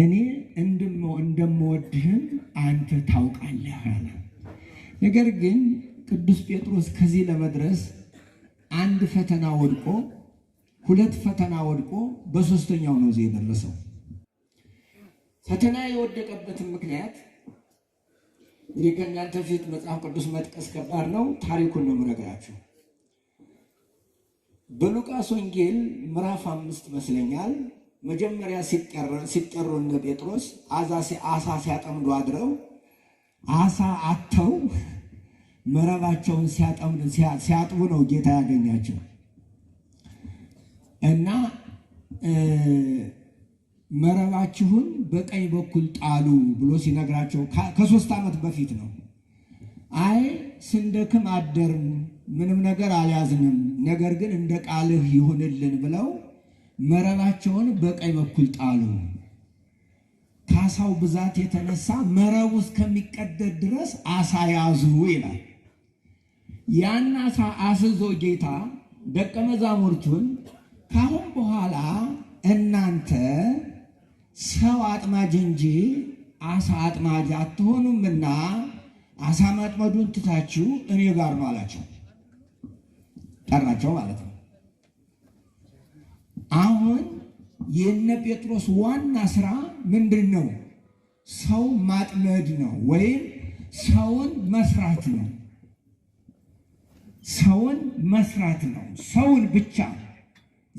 እኔ እንደምወድህም አንተ ታውቃለህ አለ። ነገር ግን ቅዱስ ጴጥሮስ ከዚህ ለመድረስ አንድ ፈተና ወድቆ ሁለት ፈተና ወድቆ በሶስተኛው ነው እዚህ የደረሰው። ፈተና የወደቀበትን ምክንያት እንግዲህ ከእናንተ ፊት መጽሐፍ ቅዱስ መጥቀስ ከባድ ነው። ታሪኩን ነው የምነግራችሁ። በሉቃስ ወንጌል ምዕራፍ አምስት መስለኛል መጀመሪያ ሲጠሩ እነ ጴጥሮስ አሳ ሲያጠምዱ አድረው አሳ አተው መረባቸውን ሲያጥቡ ነው ጌታ ያገኛቸው እና መረባችሁን በቀኝ በኩል ጣሉ ብሎ ሲነግራቸው ከሶስት ዓመት በፊት ነው። አይ ስንደክም አደርን፣ ምንም ነገር አልያዝንም፣ ነገር ግን እንደ ቃልህ ይሁንልን ብለው መረባቸውን በቀኝ በኩል ጣሉ። ከአሳው ብዛት የተነሳ መረቡ እስከሚቀደድ ድረስ አሳ ያዙ ይላል። ያን አሳ አስዞ ጌታ ደቀ መዛሙርቱን ካሁን በኋላ እናንተ ሰው አጥማጅ እንጂ አሳ አጥማጅ አትሆኑምና አሳ ማጥመዱን ትታችሁ እኔ ጋር ነው አላቸው። ጠራቸው ማለት ነው። አሁን የነ ጴጥሮስ ዋና ስራ ምንድን ነው? ሰው ማጥመድ ነው ወይም ሰውን መስራት ነው። ሰውን መስራት ነው። ሰውን ብቻ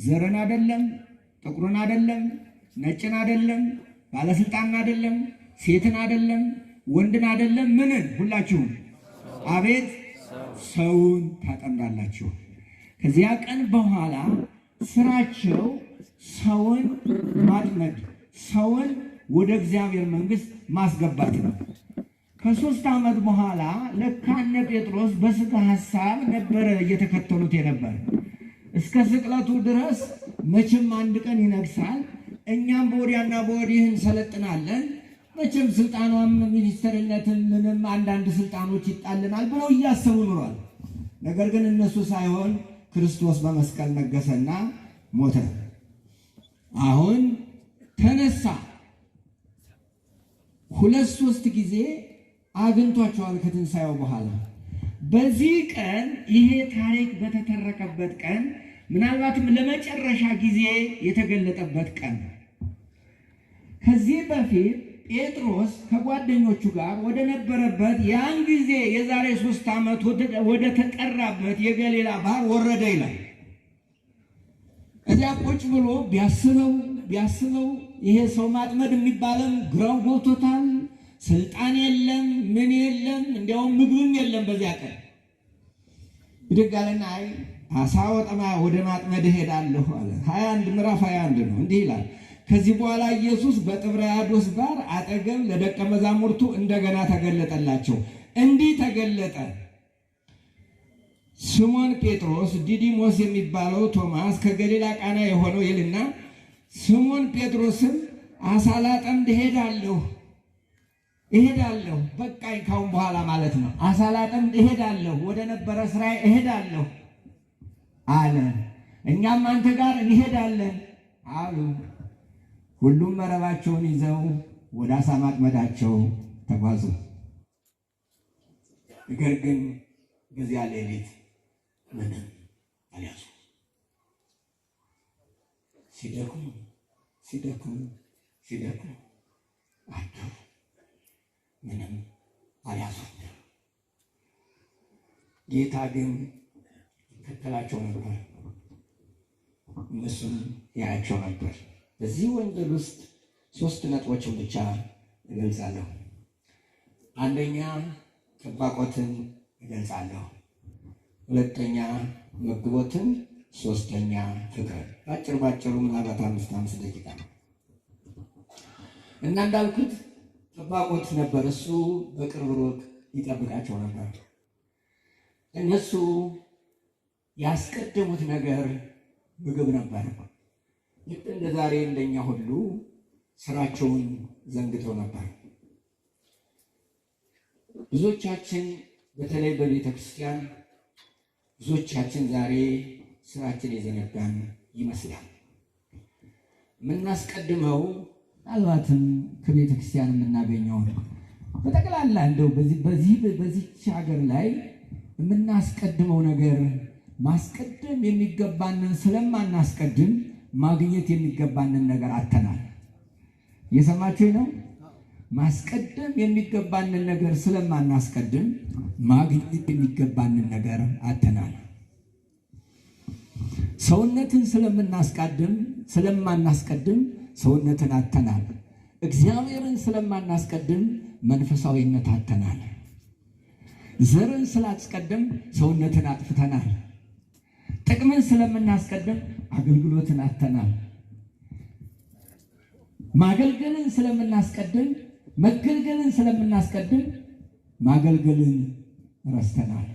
ዘርን አይደለም፣ ጥቁርን አይደለም፣ ነጭን አይደለም፣ ባለስልጣንን አይደለም፣ ሴትን አይደለም፣ ወንድን አይደለም። ምንን ሁላችሁም አቤት ሰውን ታጠምዳላችሁ። ከዚያ ቀን በኋላ ስራቸው ሰውን ማጥመድ፣ ሰውን ወደ እግዚአብሔር መንግስት ማስገባት ነው። ከሶስት ዓመት በኋላ ለካነ ጴጥሮስ በስጋ ሀሳብ ነበረ እየተከተሉት የነበረ እስከ ስቅለቱ ድረስ መቼም አንድ ቀን ይነግሳል፣ እኛም በወዲያና በወዲህ እንሰለጥናለን፣ መቼም ስልጣኗም ሚኒስትርነትን ምንም አንዳንድ ስልጣኖች ይጣልናል ብለው እያሰቡ ኑሯል። ነገር ግን እነሱ ሳይሆን ክርስቶስ በመስቀል ነገሰና ሞተ። አሁን ተነሳ። ሁለት ሶስት ጊዜ አግኝቷቸዋል ከትንሣኤው በኋላ። በዚህ ቀን ይሄ ታሪክ በተተረከበት ቀን ምናልባትም ለመጨረሻ ጊዜ የተገለጠበት ቀን ከዚህ በፊት ጴጥሮስ ከጓደኞቹ ጋር ወደ ነበረበት ያን ጊዜ የዛሬ ሶስት ዓመት ወደ ተጠራበት የገሊላ ባህር ወረደ ይላል። እዚያ ቁጭ ብሎ ቢያስበው ቢያስበው ይሄ ሰው ማጥመድ የሚባለም ግራው ጎቶታል። ስልጣን የለም፣ ምን የለም፣ እንዲያውም ምግብም የለም። በዚያ ቀን ብድጋለና አይ አሳ ወጠማ ወደ ማጥመድ እሄዳለሁ አለ። ሀያ አንድ ምዕራፍ ሀያ አንድ ነው እንዲህ ይላል ከዚህ በኋላ ኢየሱስ በጥብርያዶስ ባሕር አጠገብ ለደቀ መዛሙርቱ እንደገና ተገለጠላቸው። እንዲህ ተገለጠ። ስሞን ጴጥሮስ፣ ዲዲሞስ የሚባለው ቶማስ፣ ከገሊላ ቃና የሆነው ይልና ስሞን ጴጥሮስም አሳ ላጠምድ እሄዳለሁ እሄዳለሁ በቃኝ፣ ካሁን በኋላ ማለት ነው። አሳ ላጠምድ እሄዳለሁ፣ ወደ ነበረ ስራ እሄዳለሁ አለ። እኛም አንተ ጋር እንሄዳለን አሉ። ሁሉም መረባቸውን ይዘው ወደ አሳ ማጥመዳቸው ተጓዙ። ነገር ግን በዚያ ሌሊት ምንም አልያዙ። ሲደክሙ ሲደክሙ ሲደክሙ አደሩ። ምንም አልያዙ። ጌታ ግን ይከተላቸው ነበር፣ እነሱም ያያቸው ነበር። በዚህ ወንጌል ውስጥ ሶስት ነጥቦችን ብቻ እገልጻለሁ። አንደኛ ጥባቆትን እገልጻለሁ፣ ሁለተኛ መግቦትን፣ ሶስተኛ ፍቅር። በአጭር ባጭሩ ምናልባት አምስት አምስት ደቂቃ ነው እና እንዳልኩት ጥባቆት ነበር። እሱ በቅርብ ሩቅ ይጠብቃቸው ነበር። እነሱ ያስቀደሙት ነገር ምግብ ነበር። ልክ እንደ ዛሬ እንደኛ ሁሉ ስራቸውን ዘንግተው ነበር። ብዙዎቻችን በተለይ በቤተ ክርስቲያን ብዙዎቻችን ዛሬ ስራችን የዘነጋን ይመስላል። የምናስቀድመው ምናልባትም ከቤተ ክርስቲያን የምናገኘውን በጠቅላላ እንደው በዚህ በዚች ሀገር ላይ የምናስቀድመው ነገር ማስቀደም የሚገባንን ስለማናስቀድም ማግኘት የሚገባንን ነገር አተናል። እየሰማችሁ ነው። ማስቀደም የሚገባንን ነገር ስለማናስቀድም ማግኘት የሚገባንን ነገር አተናል። ሰውነትን ስለምናስቀድም ስለማናስቀድም ሰውነትን አተናል። እግዚአብሔርን ስለማናስቀድም መንፈሳዊነት አተናል። ዘርን ስላስቀድም ሰውነትን አጥፍተናል። ጥቅምን ስለምናስቀድም አገልግሎትን አተናል። ማገልገልን ስለምናስቀድም መገልገልን ስለምናስቀድም ማገልገልን ረስተናል።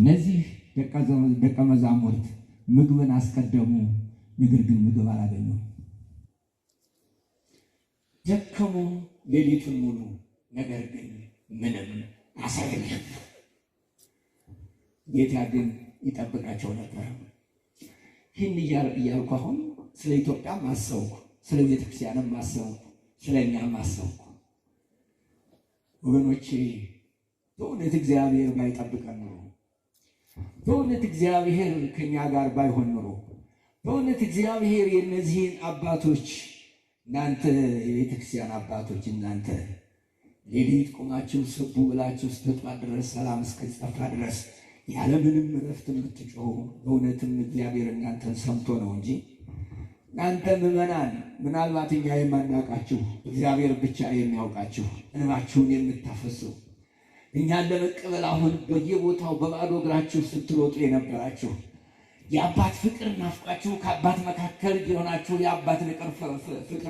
እነዚህ ደቀ መዛሙርት ምግብን አስቀደሙ፣ ነገር ግን ምግብ አላገኙም። ደከሙ ሌሊቱን ሙሉ፣ ነገር ግን ምንም አሳገኘም። ጌታ ግን ይጠብቃቸው ነበር። ይህን እያልኩ አሁን ስለ ኢትዮጵያ ማሰብኩ፣ ስለ ቤተክርስቲያንም ማሰብኩ፣ ስለ እኛ ማሰብኩ። ወገኖቼ በእውነት እግዚአብሔር ባይጠብቀን ኑሮ፣ በእውነት እግዚአብሔር ከእኛ ጋር ባይሆን ኑሮ፣ በእውነት እግዚአብሔር የእነዚህን አባቶች እናንተ የቤተክርስቲያን አባቶች እናንተ ሌሊት ቁማችሁ ስቡ ብላችሁ ስትወጣ ድረስ ሰላም እስከ ጠፋ ድረስ ያለምንም እረፍት የምትጮው በእውነትም እግዚአብሔር እናንተን ሰምቶ ነው እንጂ እናንተ ምዕመናን ምናልባት እኛ የማናውቃችሁ እግዚአብሔር ብቻ የሚያውቃችሁ እንባችሁን የምታፈሱ እኛን ለመቀበል አሁን በየቦታው በባዶ እግራችሁ ስትሮጡ የነበራችሁ የአባት ፍቅር ናፍቃችሁ ከአባት መካከል የሆናችሁ የአባት ፍቅር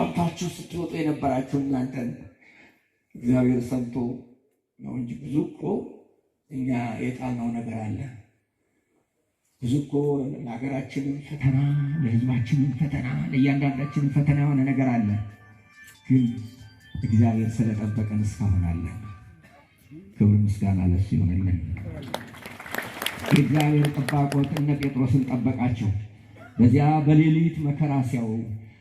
ቀምታችሁ ስትሮጡ የነበራችሁ እናንተን እግዚአብሔር ሰምቶ ነው እንጂ ብዙ እኮ እኛ የጣልነው ነገር አለ። ብዙ እኮ ለሀገራችንም ፈተና፣ ለህዝባችንም ፈተና፣ ለእያንዳንዳችንም ፈተና የሆነ ነገር አለ። ግን እግዚአብሔር ስለጠበቀን እስካሁን አለ። ክብር ምስጋና ለሱ ይሆንልን። የእግዚአብሔር ጠባቆት እነ ጴጥሮስን ጠበቃቸው። በዚያ በሌሊት መከራ ሲያው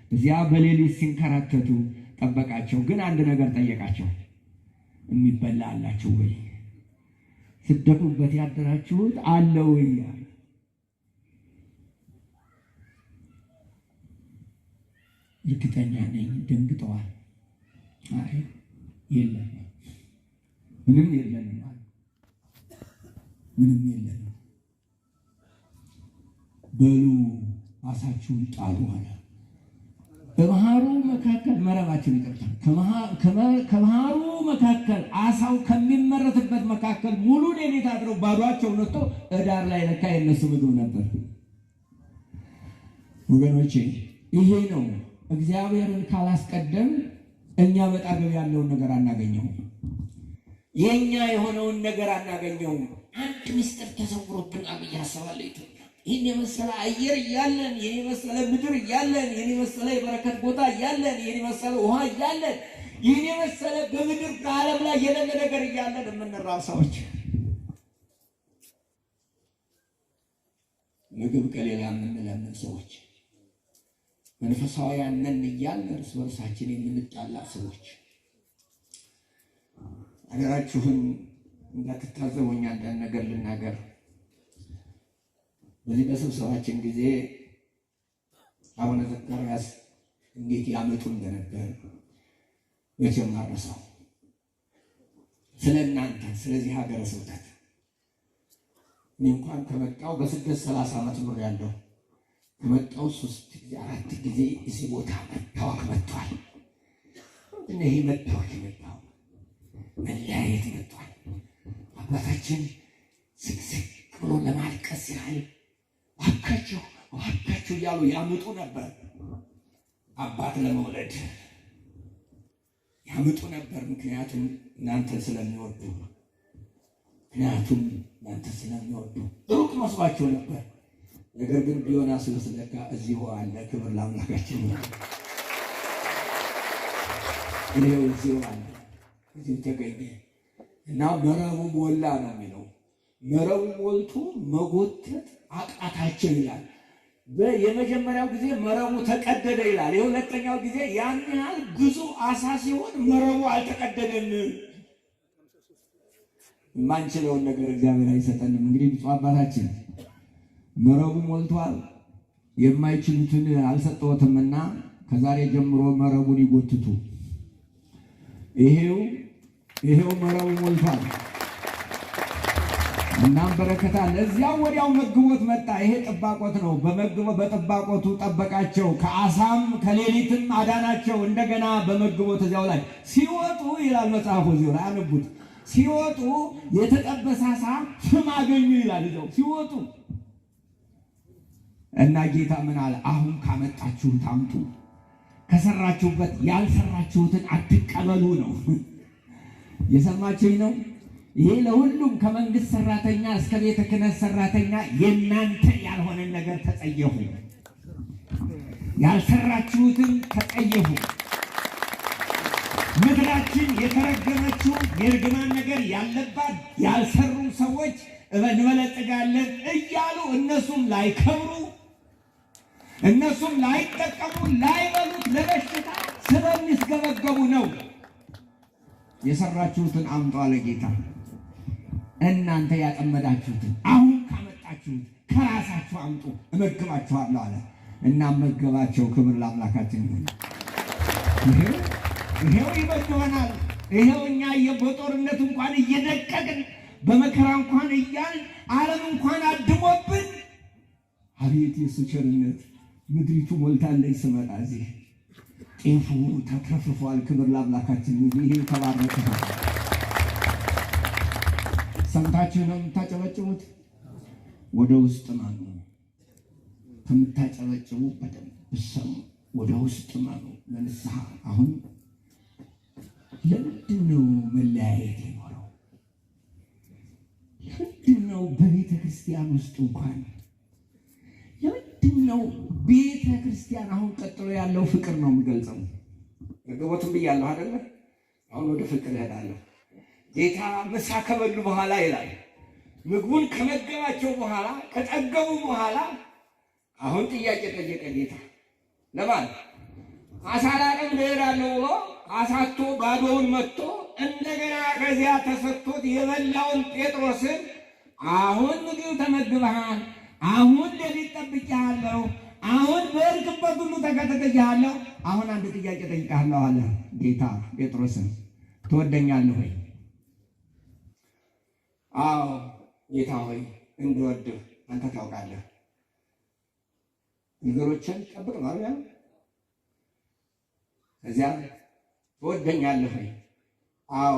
በዚያ በሌሊት ሲንከራተቱ ጠበቃቸው። ግን አንድ ነገር ጠየቃቸው፣ የሚበላ አላቸው ወይ? ስትደክሙበት ያደራችሁት አለውኛ እርግጠኛ ነኝ ደንግጠዋል። አይ የለም ምንም የለንም ምንም የለንም በሉ አሳችሁን ጣሉ አለ። በባህሩ መካከል መረባችን ይቀርታል። ከባህሩ መካከል አሳው ከሚመረትበት መካከል ሙሉ ሌሊት አድረው ባዷቸው ነቶ እዳር ላይ ለካ የነሱ ምግብ ነበር። ወገኖቼ ይሄ ነው እግዚአብሔርን ካላስቀደም እኛ በጣገብ ያለውን ነገር አናገኘውም። የእኛ የሆነውን ነገር አናገኘውም። አንድ ምስጢር ተሰውሮብን አብይ ያሰባለ ይህን የመሰለ አየር እያለን ይህን የመሰለ ምድር እያለን ይህን የመሰለ የበረከት ቦታ እያለን ይህን የመሰለ ውሃ እያለን ይህን የመሰለ በምድር በዓለም ላይ የሌለ ነገር እያለን የምንራብ ሰዎች ምግብ ከሌላ የምንለምን ሰዎች መንፈሳውያን ነን እያልን እርስ በርሳችን የምንጣላ ሰዎች ሀገራችሁን እንዳትታዘቡኝ አንዳንድ ነገር ልናገር በዚህ በስብሰባችን ጊዜ አቡነ ዘካርያስ እንዴት ያመጡ እንደነበር መቼም አረሳው። ስለ እናንተ ስለዚህ ሀገረ ስብከት እኔ እንኳን ከመጣው በስደት ሰላሳ ዓመት ኑር ያለው ከመጣው ሶስት ጊዜ አራት ጊዜ እዚህ ቦታ መታወክ መጥቷል። እነህ መታወክ የመጣው መለያየት መጥቷል። አባታችን ስቅስቅ ብሎ ለማልቀስ ያህል እባካችሁ እባካችሁ እያሉ ያምጡ ነበር። አባት ለመውለድ ያምጡ ነበር። ምክንያቱም እናንተን ስለሚወዱ ምክንያቱም እናንተን ስለሚወዱ ሩቅ መስሏቸው ነበር። ነገር ግን ቢሆና ስለስለካ እዚሁ አለ። ክብር ለአምላካችን ነው። እዚሁ አለ፣ እዚሁ ተገኘ እና መረቡ ሞላ ነው የሚለው መረቡ ሞልቶ መጎተት አቃታችን ይላል። የመጀመሪያው ጊዜ መረቡ ተቀደደ ይላል። የሁለተኛው ጊዜ ያን ያህል ጉዙ አሳ ሲሆን መረቡ አልተቀደደም። የማንችለውን ነገር እግዚአብሔር አይሰጠንም። እንግዲህ ብፁዕ አባታችን መረቡ ሞልቷል፣ የማይችሉትን አልሰጠዎትምና ከዛሬ ጀምሮ መረቡን ይጎትቱ። ይሄው ይሄው መረቡ ሞልቷል። እናም በረከታ ለዚያው ወዲያው መግቦት መጣ። ይሄ ጥባቆት ነው። በጥባቆቱ ጠበቃቸው፣ ከአሳም ከሌሊትም አዳናቸው። እንደገና በመግቦት እዚያው ላይ ሲወጡ ይላል መጽሐፉ፣ እዚሁ ላይ አንቡት። ሲወጡ የተጠበሰ አሳ ፍም አገኙ ይላል እዚያው ሲወጡ እና ጌታ ምን አለ? አሁን ካመጣችሁት አምጡ፣ ከሰራችሁበት ያልሰራችሁትን አትቀበሉ ነው። የሰማችሁኝ ነው። ይሄ ለሁሉም ከመንግስት ሰራተኛ እስከ ቤተ ክህነት ሰራተኛ የእናንተ ያልሆነን ነገር ተጸየፉ፣ ያልሰራችሁትን ተጸየፉ። ምድራችን የተረገመችው የእርግማን ነገር ያለባት ያልሰሩ ሰዎች እንበለጥጋለን እያሉ እነሱም ላይከብሩ፣ እነሱም ላይጠቀሙ፣ ላይበሉት ለበሽታ ስለሚስገበገቡ ነው። የሰራችሁትን አምጧ ለጌታ እናንተ ያጠመዳችሁትን አሁን ካመጣችሁት ከራሳችሁ አምጡ እመግባችኋለሁ አለ እና መገባቸው። ክብር ለአምላካችን ይሁን። ይሄው ይመግበናል። ይሄው እኛ በጦርነት እንኳን እየደቀቅን በመከራ እንኳን እያል ዓለም እንኳን አድሞብን፣ አቤት የሱ ቸርነት ምድሪቱ ሞልታ እንደ ስመጣ እዚህ ጤፉ ተትረፍፏል። ክብር ለአምላካችን ይሄ የተባረከ ሰምታችሁ ነው የምታጨበጭቡት። ወደ ውስጥ ማኑ ከምታጨበጭቡ በደንብ ብሰሙ ወደ ውስጥ ማኑ ለንስሐ አሁን ለምንድን ነው መለያየት የኖረው? ለምንድን ነው በቤተ ክርስቲያን ውስጥ እንኳን ለምንድን ነው ቤተ ክርስቲያን አሁን ቀጥሎ ያለው ፍቅር ነው የሚገልጸው። ረገቦትም ብያለሁ አይደለ? አሁን ወደ ፍቅር እሄዳለሁ። ጌታ ምሳ ከበሉ በኋላ ይላል ምግቡን ከመገባቸው በኋላ ከጠገቡ በኋላ አሁን ጥያቄ ጠየቀ ጌታ ለማን አሳ ላቅም ልሄዳለሁ ብሎ አሳቶ ባዶውን መጥቶ እንደገና ከዚያ ተሰጥቶት የበላውን ጴጥሮስን አሁን ምግብ ተመግበሃል አሁን ሌሊት ጠብቄሃለሁ አሁን በእርግበት ሁሉ ተከተተያለሁ አሁን አንድ ጥያቄ ጠይቃለሁ አለ ጌታ ጴጥሮስን ትወደኛለህ ወይ አዎ ጌታ ሆይ እንድወድህ አንተ ታውቃለህ። ነገሮችን ጠብቅ ነው አይደል? ከዚያ ትወደኛለህ? አዎ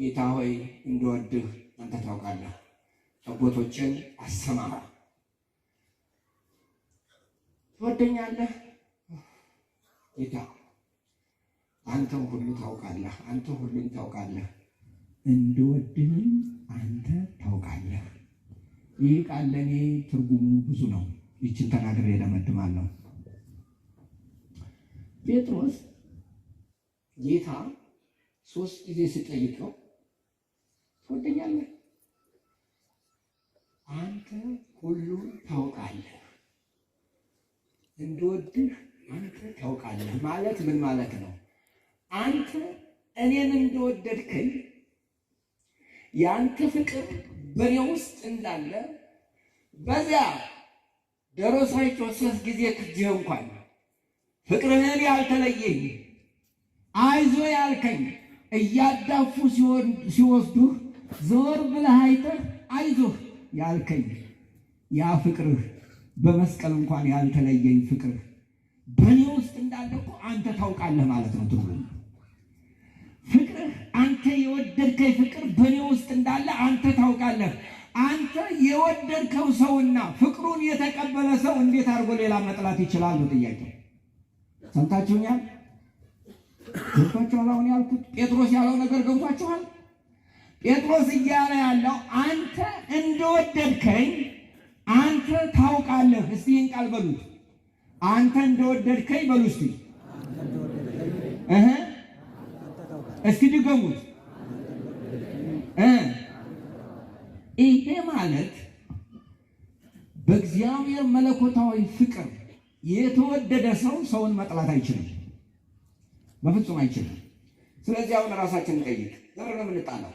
ጌታ ሆይ እንድወድህ አንተ ታውቃለህ። ጠቦቶችን አሰማራ። ትወደኛለህ? ጌታ አንተ ሁሉ ታውቃለህ፣ አንተ ሁሉን ታውቃለህ እንድወድህም አንተ ታውቃለህ። ይህ ቃል ለእኔ ትርጉሙ ብዙ ነው። ይችን ተናግሬ ለመድማለሁ። ጴጥሮስ ጌታ ሶስት ጊዜ ሲጠይቀው ትወደኛለህ? አንተ ሁሉም ታውቃለህ፣ እንደወድህ አንተ ታውቃለህ ማለት ምን ማለት ነው? አንተ እኔን እንደወደድከኝ ያንተ ፍቅር በእኔ ውስጥ እንዳለ በዚያ ደሮ ሳይጮህ ሦስት ጊዜ ክጄ እንኳን ፍቅርህን ያልተለየኝ አይዞ ያልከኝ እያዳፉ ሲወስዱህ ዞር ብለህ አይተህ አይዞህ ያልከኝ ያ ፍቅርህ በመስቀል እንኳን ያልተለየኝ ፍቅርህ በእኔ ውስጥ እንዳለ እኮ አንተ ታውቃለህ ማለት ነው። ትርጉም ፍቅርህ አንተ የወደድከው ፍቅር በእኔ ውስጥ እንዳለ አንተ ታውቃለህ። አንተ የወደድከው ሰውና ፍቅሩን የተቀበለ ሰው እንዴት አድርጎ ሌላ መጥላት ይችላሉ? ጥያቄ ሰምታችሁኛል? ገብቷችኋል? አሁን ያልኩት ጴጥሮስ ያለው ነገር ገብቷችኋል? ጴጥሮስ እያለ ያለው አንተ እንደወደድከኝ አንተ ታውቃለህ። እስቲ ይህን ቃል በሉት። አንተ እንደወደድከኝ በሉ እስቲ እስቲ ድገሙት። ይሄ ማለት በእግዚአብሔር መለኮታዊ ፍቅር የተወደደ ሰው ሰውን መጥላት አይችልም፣ በፍጹም አይችልም። ስለዚህ አሁን ራሳችን እንጠይቅ። ለምን ነው የምንጣለው?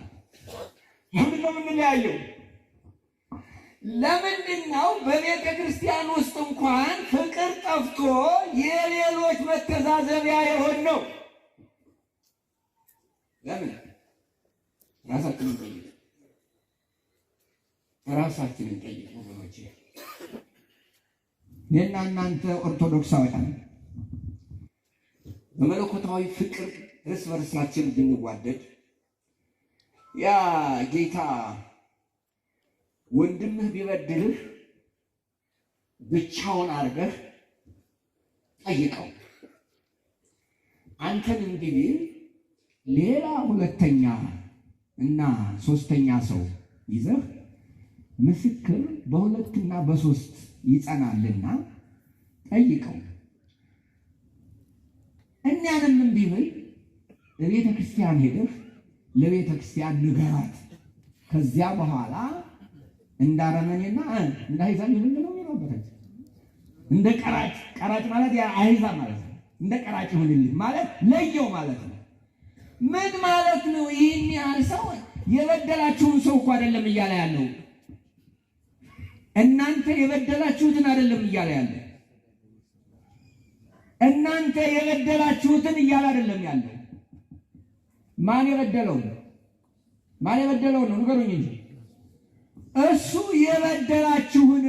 ለምን ነው የምንለያየው? ለምንድን ነው በቤተ ክርስቲያን ውስጥ እንኳን ፍቅር ጠፍቶ የሌሎች መተዛዘቢያ የሆን ነው? ለምን ራሳችንን ጠይቅ፣ ራሳችንን ጠይቅ ወገኖች። እኔና እናንተ ኦርቶዶክሳውያን በመለኮታዊ ፍቅር እርስ በርሳችን ብንዋደድ ያ ጌታ ወንድምህ ቢበድልህ ብቻውን አድርገህ ጠይቀው አንተን እንዲህ ሌላ ሁለተኛ እና ሶስተኛ ሰው ይዘህ ምስክር በሁለትና በሶስት ይጸናልና ጠይቀው። እኛንም እምቢ ብል ለቤተ ክርስቲያን ሄደህ ለቤተ ክርስቲያን ንገራት። ከዚያ በኋላ እንዳረመኔና እንደ አሕዛብ ይሁን ነው ይሮበታል። እንደ ቀራጭ ቀራጭ ማለት ያ አሕዛብ ማለት ነው። እንደ ቀራጭ ይሁንልህ ማለት ለየው ማለት ነው። ምን ማለት ነው? ይህን ያህል ሰው የበደላችሁን ሰው እኮ አይደለም እያለ ያለው እናንተ የበደላችሁትን አይደለም እያለ ያለ እናንተ የበደላችሁትን እያለ አይደለም ያለ። ማን የበደለው ማን የበደለው ነው ንገሩኝ እንጂ እሱ የበደላችሁን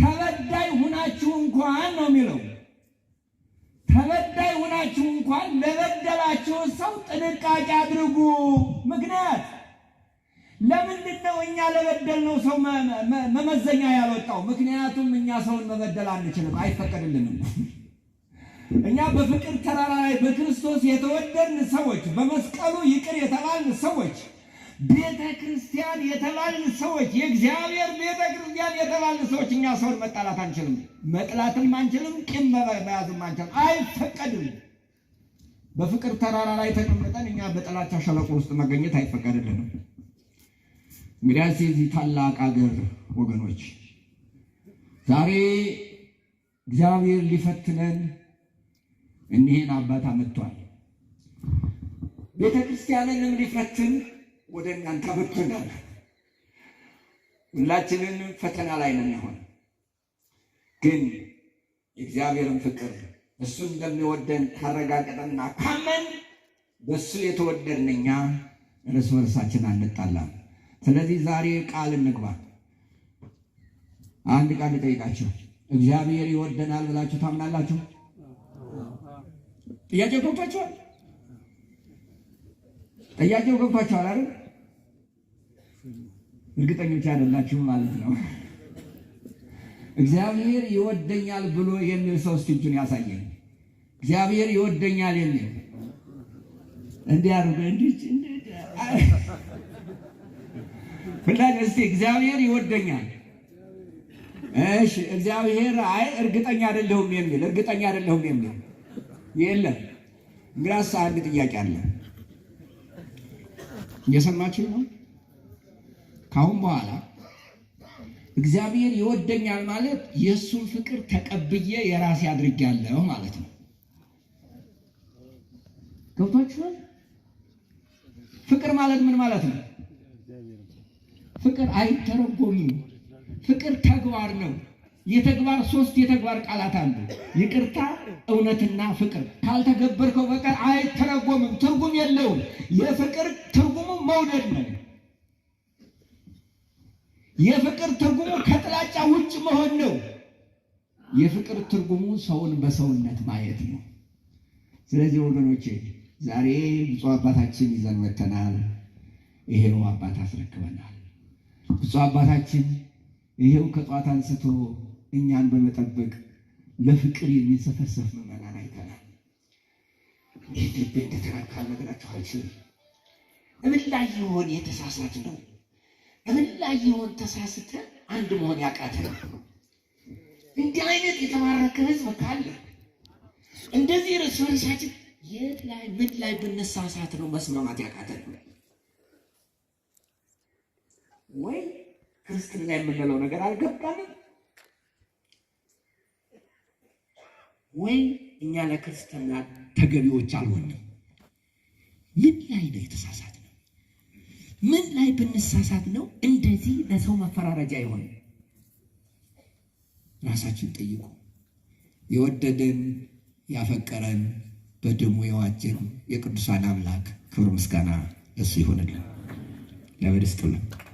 ተበዳይ ሁናችሁ እንኳን ነው የሚለው ተበዳይ ሆናችሁ እንኳን ለበደላችሁ ሰው ጥንቃቄ አድርጉ። ምክንያት ለምንድን ነው እኛ ለበደልነው ሰው መመዘኛ ያልወጣው? ምክንያቱም እኛ ሰውን መበደል አንችልም፣ አይፈቀድልንም። እኛ በፍቅር ተራራ ላይ በክርስቶስ የተወደድን ሰዎች፣ በመስቀሉ ይቅር የተባልን ሰዎች ቤተ ክርስቲያን የተባልን ሰዎች የእግዚአብሔር ቤተ ክርስቲያን የተባልን ሰዎች እኛ ሰውን መጣላት አንችልም፣ መጥላትም አንችልም፣ ቂም መያዝም አንችልም። አይፈቀድም። በፍቅር ተራራ ላይ ተቀምጠን እኛ በጥላቻ ሸለቆ ውስጥ መገኘት አይፈቀድልንም። እንግዲያስ የዚህ ታላቅ አገር ወገኖች ዛሬ እግዚአብሔር ሊፈትነን እኒህን አባት አመጥቷል። ቤተ ክርስቲያንንም ሊፈትን ወደ እናንተ አመጥቶናል። ሁላችንን ፈተና ላይ ነን። አሁን ግን የእግዚአብሔርን ፍቅር እሱ እንደሚወደን ካረጋገጠና ካመን በእሱ የተወደድን እኛ እርስ በርሳችን አንጣላም። ስለዚህ ዛሬ ቃል እንግባ። አንድ ቃል ልጠይቃችሁ። እግዚአብሔር ይወደናል ብላችሁ ታምናላችሁ? ጥያቄ ገብቷችኋል? ጥያቄው ገብቷችኋል አይደል? እርግጠኞች አይደላችሁም ማለት ነው። እግዚአብሔር ይወደኛል ብሎ የሚል ሰው እስኪ እጁን ያሳየኝ። እግዚአብሔር ይወደኛል የሚል እንዲህ አድርጎ እንዲህ ሁላችሁ እስኪ እግዚአብሔር ይወደኛል። እሺ፣ እግዚአብሔር አይ እርግጠኛ አይደለሁም የሚል እርግጠኛ አይደለሁም የሚል የለም። እንግዲያስ አንድ ጥያቄ አለ። እየሰማችሁ ነው። ካሁን በኋላ እግዚአብሔር ይወደኛል ማለት የእሱን ፍቅር ተቀብዬ የራሴ አድርጌያለሁ ማለት ነው። ገብቷችኋል? ፍቅር ማለት ምን ማለት ነው? ፍቅር አይተረጎምም። ፍቅር ተግባር ነው። የተግባር ሶስት የተግባር ቃላት አሉ። ይቅርታ፣ እውነትና ፍቅር። ካልተገበርከው በቀር አይተረጎምም፣ ትርጉም የለውም። የፍቅር ትርጉሙ መውደድ ነው። የፍቅር ትርጉሙ ከጥላጫ ውጭ መሆን ነው። የፍቅር ትርጉሙ ሰውን በሰውነት ማየት ነው። ስለዚህ ወገኖቼ ዛሬ ብፁዕ አባታችን ይዘን መተናል። ይሄው አባት አስረክበናል። ብፁዕ አባታችን ይሄው ከጠዋት አንስቶ እኛን በመጠበቅ ለፍቅር የሚንሰፈሰፍ ምዕመናን አይተናል። ይህ ልቤ እንደተራካ ነገራችሁ አልችልም። እምን ላይ ይሆን የተሳሳት ነው? እምን ላይ ይሆን ተሳስተ አንድ መሆን ያቃተ ነው? እንዲህ አይነት የተባረከ ህዝብ ካለ እንደዚህ እርስ ርሳችን የት ላይ ምን ላይ ብንሳሳት ነው መስማማት ያቃተ ነው? ወይ ክርስትና የምንለው ነገር አልገባንም። ወይ እኛ ለክርስትና ተገቢዎች አልሆንም። ምን ላይ ነው የተሳሳት ነው? ምን ላይ ብንሳሳት ነው እንደዚህ ለሰው መፈራረጃ የሆነ? ራሳችን ጠይቁ። የወደደን ያፈቀረን በደሙ የዋጀን የቅዱሳን አምላክ ክብር ምስጋና እሱ ይሆንልን። ለበደስጥልን